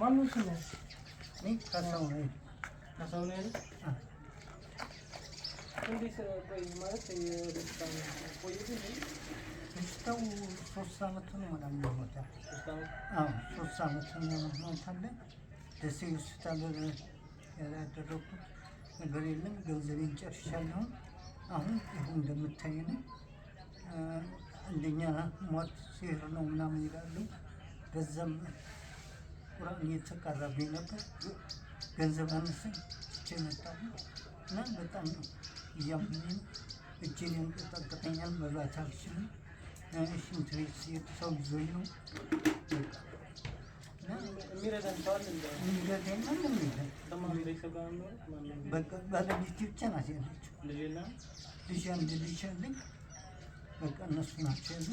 మనుషులే నీకు కష్టం లేదు కష్టం లేదు İşte o sosyal tanımadan muhtemelen. Sosyal tanımadan muhtemelen. Destek üstüden yerlerde dokun. Görelim gözlerin çarşıdan. Ahın, ahın da mütteğini. አንደኛ ሟት ሲህር ነው ምናምን ይላሉ። በዛም ቁርአን እየተቃረብኝ ነበር። ገንዘብ አነሰኝ ትቼ መጣሁ እና በጣም ነው እያመመኝ እጄን ያንቀጠቅጠኛል። መብላት አልችልም። ሽንት ቤት ስሄድ ሰው ይዞኝ ነው በለቤቴ ብቻ ናት ያለችው። ልጅ አንድ ልጅ አለኝ በቃ እነሱ ናቸው ያሉ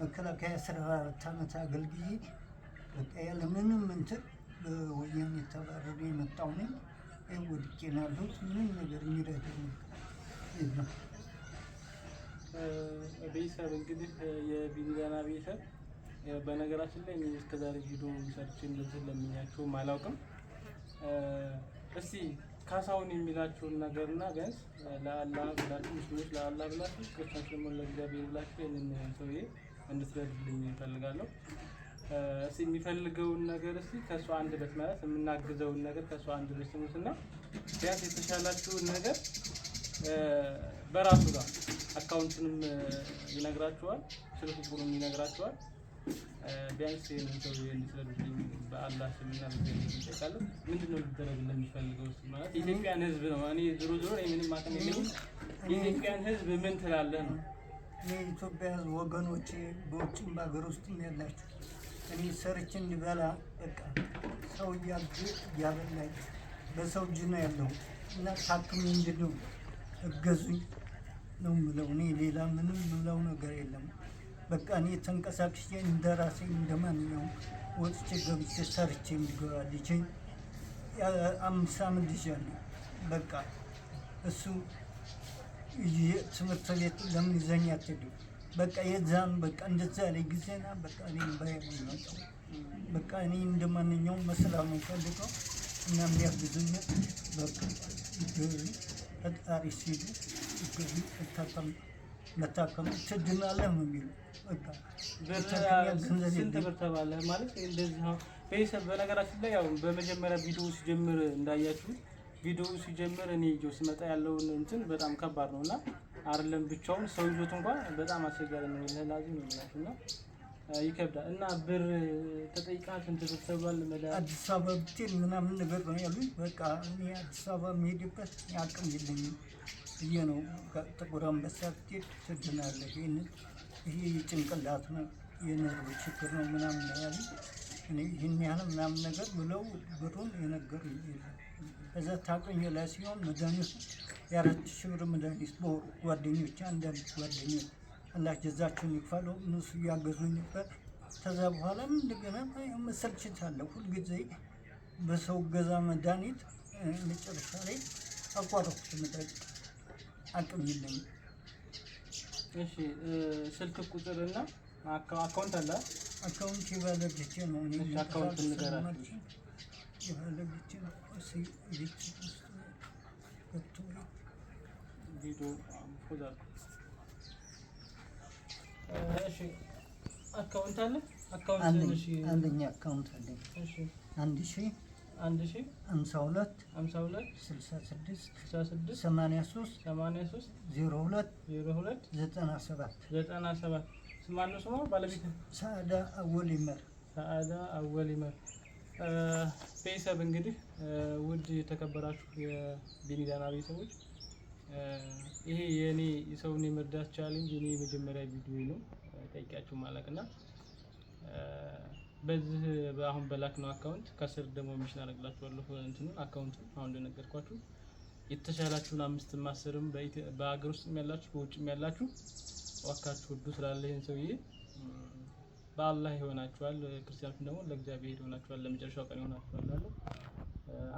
መከላከያ አስራ አራት ዓመት አገልግዬ በቃ ያለ ምንም እንትን በወያኔ የተባረረ የመጣው ነኝ። ወድቄ ነው ያለሁት። ምንም ነገር የሚረዳኝ የለም። ቤተሰብ እንግዲህ የቢኒዳና ቤተሰብ በነገራችን ላይ እስከዛሬ ቪዲዮ ሰርች እንደዚህ ለምኛችሁም አላውቅም። እስቲ ካሳውን የሚላችሁን ነገር ነገርና ቢያንስ ለአላህ ብላችሁ ሙስሊሞች ለአላህ ብላችሁ ክርስቲያኖች ደግሞ ለእግዚአብሔር ብላችሁ ይህንን ሰውዬ እንድትረዱልኝ እፈልጋለሁ። እስኪ የሚፈልገውን ነገር እስኪ ከእሱ አንድ በት ማለት የምናግዘውን ነገር ከእሱ አንድ በት ስሙትና ቢያንስ የተሻላችሁን ነገር በራሱ ጋር አካውንትንም ይነግራችኋል፣ ስልክ ቁጥሩንም ይነግራችኋል። ቢያንስ ይህንን ሰው እንዲሰሩልኝ በአላህ ስምና ይጠቃለሁ። ምንድን ነው ልደረግ እንደሚፈልገው ማለት የኢትዮጵያን ህዝብ ነው። እኔ ዞሮ ዞሮ ምንም አቅም የለኝም። የኢትዮጵያን ህዝብ ምን ትላለህ ነው? የኢትዮጵያ ሕዝብ ወገኖቼ፣ በውጭም በሀገር ውስጥም ያላችሁ እኔ ሰርች እንድበላ በቃ ሰው እያግ እያበላኝ በሰው እጅ ነው ያለው እና ታክሙ እንድነው እገዙኝ ነው ምለው። እኔ ሌላ ምንም ምለው ነገር የለም። በቃ እኔ ተንቀሳቅሼ እንደራሴ እንደማንኛውም ወጥቼ ገብቼ ሰርቼ የሚገባ ልጄ አምስት ዓመት ልጅ አለ። በቃ እሱ ትምህርት ቤት ለምን ይዘኝ አትሄድም? በቃ የዛም በቃ እንደዛ ያለ ጊዜና በቃ እኔ ባያ መጣው በቃ እኔ እንደማንኛውም መስላሙ ፈልገው እና የሚያግዙኝ በቃ ፈጣሪ ሲሉ እገዙ እታጠምጣ መታከም ትድናለህ ነው የሚሉ ስንት ብር ተባለህ ማለት እንደዚህ ነው። ቤተሰብ በነገራችን ላይ ያው በመጀመሪያ ቪዲዮ ሲጀምር እንዳያችሁ ቪዲዮ ሲጀምር እኔ ይዤው ስመጣ ያለውን እንትን በጣም ከባድ ነው እና አይደለም ብቻውን ሰው ይዞት እንኳን በጣም አስቸጋሪ ነው። ለላዚ ነው እና ይከብዳል እና ብር ተጠይቃት እንትን ተብሏል። አዲስ አበባ ብትሄድ ምናምን ነገር ነው ያሉኝ። በቃ እኔ አዲስ አበባ የሚሄድበት አቅም የለኝም ብዬ ነው። ጥቁር አንበሳ ብትሄድ ትድናለህ፣ ይህንን ይሄ ጭንቅላት ነው የነርቭ ችግር ነው ምናምን ነው ያሉኝ። እኔ ይህን ያህል ምናምን ነገር ብለው ብሩን የነገሩኝ የለም። ከዛ ታቆኝ ላይ ሲሆን መድኃኒቱ የአራት ሺህ ብር መድኃኒት በወሩ ጓደኞች አንዳንድ ጓደኞች አላህ ጀዛቸውን ይክፈለው። እነሱ እያገዙኝ ነበር። ከዛ በኋላም እንደገና መሰልችቻለሁ። ሁልጊዜ በሰው ገዛ መድኃኒት መጨረሻ ላይ አቋረጥኩት። መድረቅ አቅም የለኝም። እሺ፣ ስልክ ቁጥር እና አካውንት አለ? አካውንት የባለቤቴ ነው። አካውንት ንገራለች። የባለቤቴ ነው። ቤት ውስጥ ገብቶ ቪዲዮ እሺ አካውንት አለኝ። አንድ አንድ ሁለት ሁለት ስልሳ ስድስት ስልሳ ስድስት ሰማንያ ሰማንያ ዜሮ ሁለት ዜሮ ሁለት ዘጠና ሰባት ዘጠና ሰባት ስሟ? ባለቤት ሰአዳ አወል ይመር ሰአዳ አወል ይመር። ቤተሰብ እንግዲህ ውድ የተከበራችሁ የቢኒዳና ቤተሰቦች ይሄ የኔ የሰውን የመርዳት ቻሌንጅ የኔ የመጀመሪያ ቪዲዮ ነው ጠይቂያችሁ ማለቅ ና በዚህ አሁን በላክ ነው አካውንት ከስር ደግሞ ሚሽን አደርግላችኋለሁ እንትኑን አካውንቱ አሁን እንደነገርኳችሁ የተሻላችሁን አምስት ማስርም በሀገር ውስጥ ያላችሁ በውጭ ያላችሁ ዋካችሁ ወዱ ስላለ ይህን ሰውዬ በአላህ ይሆናችኋል። ክርስቲያኖች ደግሞ ለእግዚአብሔር ይሆናችኋል። ለመጨረሻው ቀን ይሆናችኋል።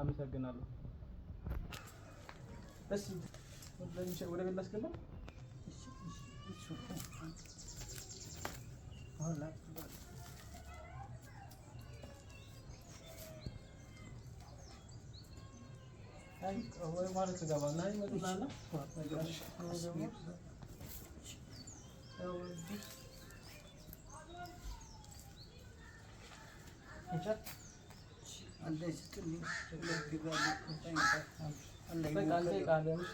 አመሰግናለሁ። o da var, Ne Adesso tu mi stai guardando እንግዲህ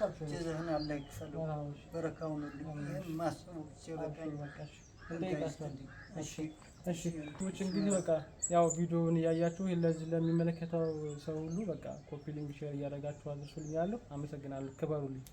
በቃ ያው ቪዲዮውን እያያችሁ ለዚህ ለሚመለከተው ሰው ሁሉ በቃ ኮፒ ሊንክ ሼር እያደረጋችሁ አድርሱልኝ። አመሰግናለሁ። ክበሩልኝ።